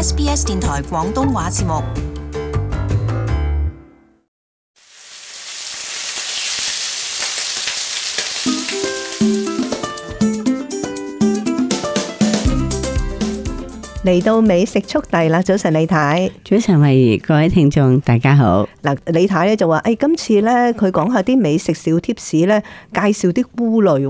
SBS 電台廣東話節目。嚟到美食速遞啦，早晨李太，早晨慧怡，各位聽眾大家好。嗱，李太咧就話，誒、哎，今次咧佢講下啲美食小貼士咧，介紹啲菇類。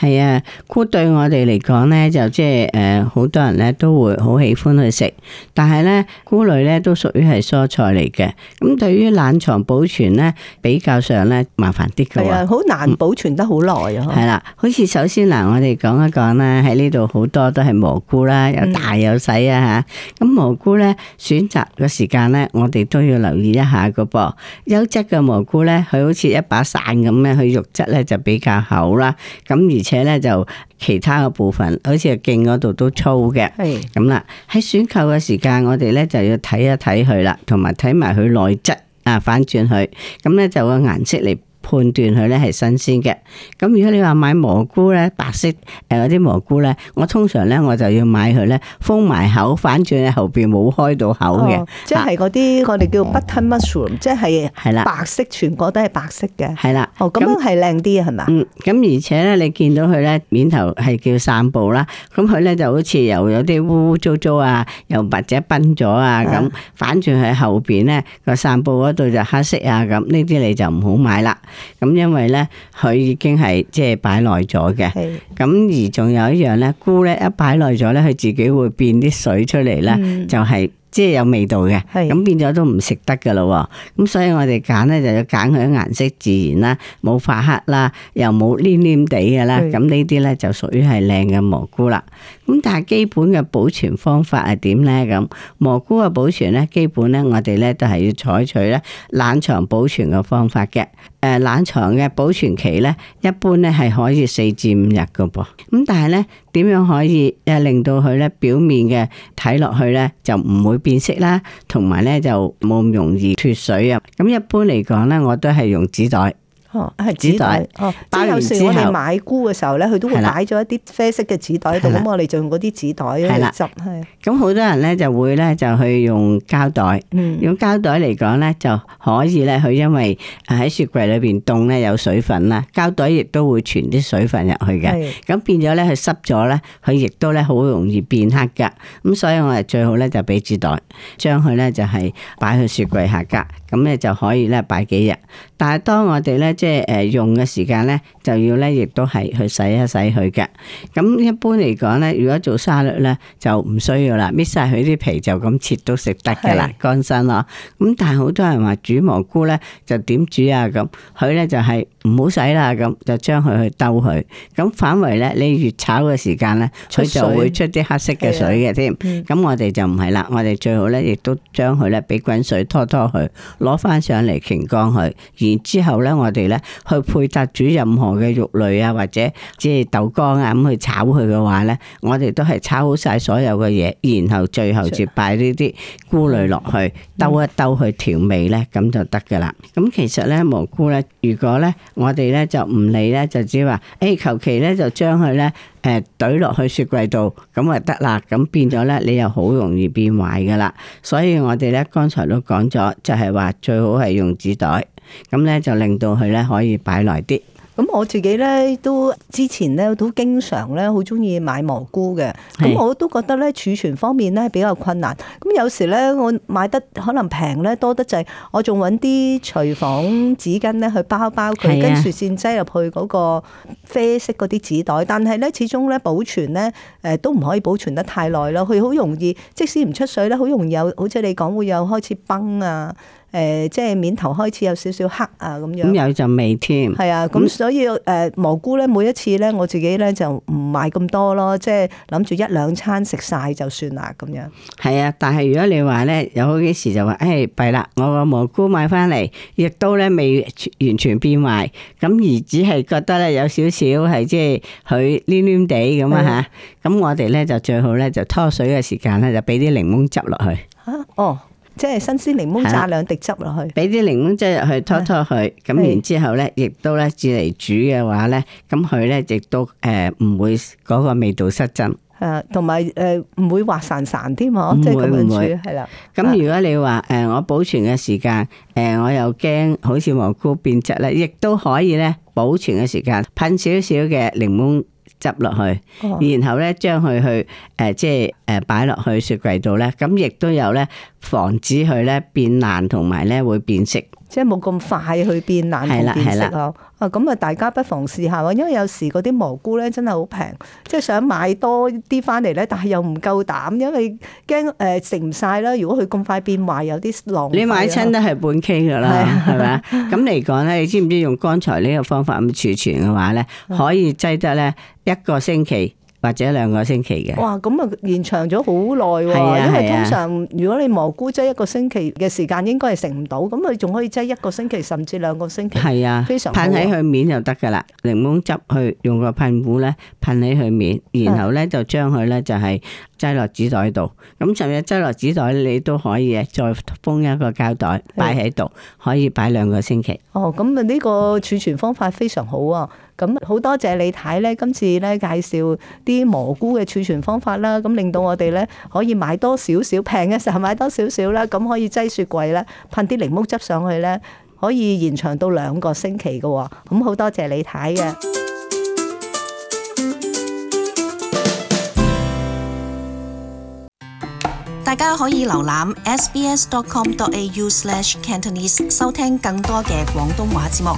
係啊，菇對我哋嚟講咧，就即係誒，好、呃、多人咧都會好喜歡去食，但係咧菇類咧都屬於係蔬菜嚟嘅。咁對於冷藏保存咧，比較上咧麻煩啲佢啊，好難保存得好耐、嗯、啊。係啦，好似首先嗱、呃，我哋講一講啦，喺呢度好多都係蘑菇啦，有大有、嗯。洗啊吓，咁、嗯、蘑菇咧選擇嘅時間咧，我哋都要留意一下嘅噃。優質嘅蘑菇咧，佢好似一把傘咁咧，佢肉質咧就比較厚啦。咁而且咧就其他嘅部分，好似莖嗰度都粗嘅。係咁啦，喺選購嘅時間，我哋咧就要睇一睇佢啦，同埋睇埋佢內質啊，反轉佢。咁咧就個顏色嚟。判斷佢咧係新鮮嘅。咁如果你話買蘑菇咧，白色誒嗰啲蘑菇咧，我通常咧我就要買佢咧封埋口，反轉喺後邊冇開到口嘅。即係嗰啲我哋叫 button mushroom，即係係啦，白色全個都係白色嘅。係啦，哦咁係靚啲係咪？嗯，咁而且咧你見到佢咧面頭係叫散步啦，咁佢咧就好似又有啲污污糟糟啊，又或者崩咗啊咁，反轉喺後邊咧個散步嗰度就黑色啊咁，呢啲你就唔好買啦。咁因為咧，佢已經係即係擺耐咗嘅，咁的而仲有一樣咧，菇咧一擺耐咗咧，佢自己會變啲水出嚟咧，嗯、就係、是。即係有味道嘅，咁變咗都唔食得噶咯。咁所以我哋揀咧就要揀佢嘅顏色自然啦，冇發黑啦，又冇黏黏地噶啦。咁呢啲咧就屬於係靚嘅蘑菇啦。咁但係基本嘅保存方法係點咧？咁蘑菇嘅保存咧，基本咧我哋咧都係要採取咧冷藏保存嘅方法嘅。誒，冷藏嘅保存期咧，一般咧係可以四至五日噶噃。咁但係咧點樣可以誒令到佢咧表面嘅睇落去咧就唔會？變色啦，同埋咧就冇咁容易脫水啊！咁一般嚟講咧，我都係用紙袋。哦，係紙袋哦。即有時我哋買菇嘅時候咧，佢都會擺咗一啲啡色嘅紙袋喺度，咁的我哋就用嗰啲紙袋嚟執。咁，好多人咧就會咧就去用膠袋。嗯、用膠袋嚟講咧，就可以咧，佢因為喺雪櫃裏邊凍咧有水分啦，膠袋亦都會傳啲水分入去嘅。咁的變咗咧，佢濕咗咧，佢亦都咧好容易變黑噶。咁所以我哋最好咧就俾紙袋，將佢咧就係擺去雪櫃下格。咁咧就可以咧擺幾日，但係當我哋咧即係誒用嘅時間咧，就要咧亦都係去洗一洗佢嘅。咁一般嚟講咧，如果做沙律咧就唔需要啦，搣晒佢啲皮就咁切都食得㗎啦，是的 乾身咯。咁但係好多人話煮蘑菇咧就點煮啊？咁佢咧就係唔好洗啦，咁就將佢去兜佢。咁反為咧，你越炒嘅時間咧，佢、嗯、就會出啲黑色嘅水嘅添。咁、嗯嗯、我哋就唔係啦，我哋最好咧亦都將佢咧俾滾水拖拖佢。攞翻上嚟乾乾佢，然之後咧，我哋咧去配搭煮任何嘅肉類啊，或者即係豆乾啊咁去炒佢嘅話咧，我哋都係炒好晒所有嘅嘢，然後最後接擺呢啲菇類落去兜一兜去調味咧，咁就得㗎喇。咁、嗯、其實咧蘑菇咧，如果咧我哋咧就唔理咧，就只話，誒求其咧就將佢咧。誒，攤落去雪櫃度，咁啊得啦，咁變咗咧，你又好容易變壞噶啦，所以我哋咧剛才都講咗，就係話最好係用紙袋，咁咧就令到佢咧可以擺耐啲。咁我自己咧都之前咧都經常咧好中意買蘑菇嘅，咁是的 我都覺得咧儲存方面咧比較困難。咁有時咧我買得可能平咧多得滯，我仲揾啲廚房紙巾咧去包包佢，是的 跟住先擠入去嗰個啡色嗰啲紙袋。但係咧始終咧保存咧誒都唔可以保存得太耐咯，佢好容易即使唔出水咧，好容易有好似你講會有開始崩啊。誒、呃，即係面頭開始有少少黑啊，咁、嗯、樣咁有陣味添，係啊、嗯，咁、嗯、所以誒、呃、蘑菇咧，每一次咧，我自己咧就唔買咁多咯，即係諗住一兩餐食晒就算啦，咁樣係啊。但係如果你話咧，有好幾時就話，誒、哎，弊啦，我個蘑菇買翻嚟，亦都咧未完全變壞，咁而只係覺得咧有少少係即係佢黏黏地咁啊吓。咁、啊、我哋咧就最好咧就拖水嘅時間咧就俾啲檸檬汁落去。啊，哦。即係新鮮檸檬榨兩滴汁落去，俾啲檸檬汁入去拖拖佢，咁的然之後咧，亦都咧至嚟煮嘅話咧，咁佢咧亦都誒唔會嗰個味道失真。係，同埋誒唔會滑潺潺添啊，即係咁樣煮係啦。咁會的如果你話誒我保存嘅時間誒我又驚好似蘑菇變質咧，亦都可以咧保存嘅時間噴少少嘅檸檬汁落去，哦、然後咧將佢去誒、呃、即係誒擺落去雪櫃度咧，咁亦都有咧。防止佢咧變爛同埋咧會變色，即係冇咁快去變爛同變色，係啦係啦，哦。咁啊，大家不妨試下，因為有時嗰啲蘑菇咧真係好平，即係想買多啲翻嚟咧，但係又唔夠膽，因為驚誒食唔晒啦。如果佢咁快變壞，有啲浪費。你買親都係半 K 噶啦，係咪的？咁嚟講咧，你知唔知用剛才呢個方法咁儲存嘅話咧，可以擠得咧一個星期。或者兩個星期嘅哇，咁啊延長咗好耐喎。因為通常如果你蘑菇擠一個星期嘅時間，應該係食唔到。咁佢仲可以擠一個星期，甚至兩個星期。係啊，非常噴喺佢面就得㗎喇。檸檬汁去用個噴壺咧，噴喺佢面，然後咧就將佢咧就係擠落紙袋度。咁甚至擠落紙袋，你都可以再封一個膠袋擺喺度，可以擺兩個星期。哦，咁啊呢個儲存方法非常好啊。咁好多謝李太咧，今次咧介紹。啲蘑菇嘅儲存方法啦，咁令到我哋咧可以買多少少平嘅時候買多少少啦，咁可以擠雪櫃啦，噴啲檸檬汁上去咧，可以延長到兩個星期嘅喎。咁、嗯、好多謝李太嘅。大家可以瀏覽 sbs.com.au/cantonese，收聽更多嘅廣東話節目。